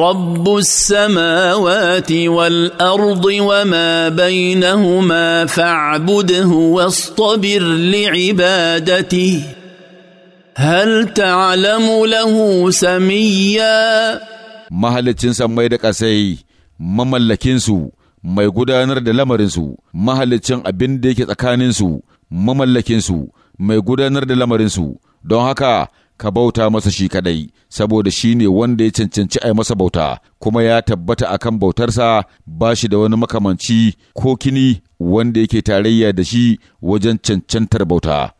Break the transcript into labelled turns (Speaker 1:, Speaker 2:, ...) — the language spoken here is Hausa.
Speaker 1: رب السماوات والارض وما بينهما فاعبده واصطبر لعبادته هل تعلم له سميا
Speaker 2: mahalicin sammai da ƙasai mamallakinsu mai gudanar da lamarinsu mahalicin abin da yake tsakaninsu mamallakinsu mai gudanar da lamarinsu don haka ka bauta masa shi kadai saboda shi ne wanda ya cancanci a masa bauta kuma ya tabbata a akan bautarsa ba shi da wani makamanci ko kini wanda yake tarayya da shi wajen cancantar bauta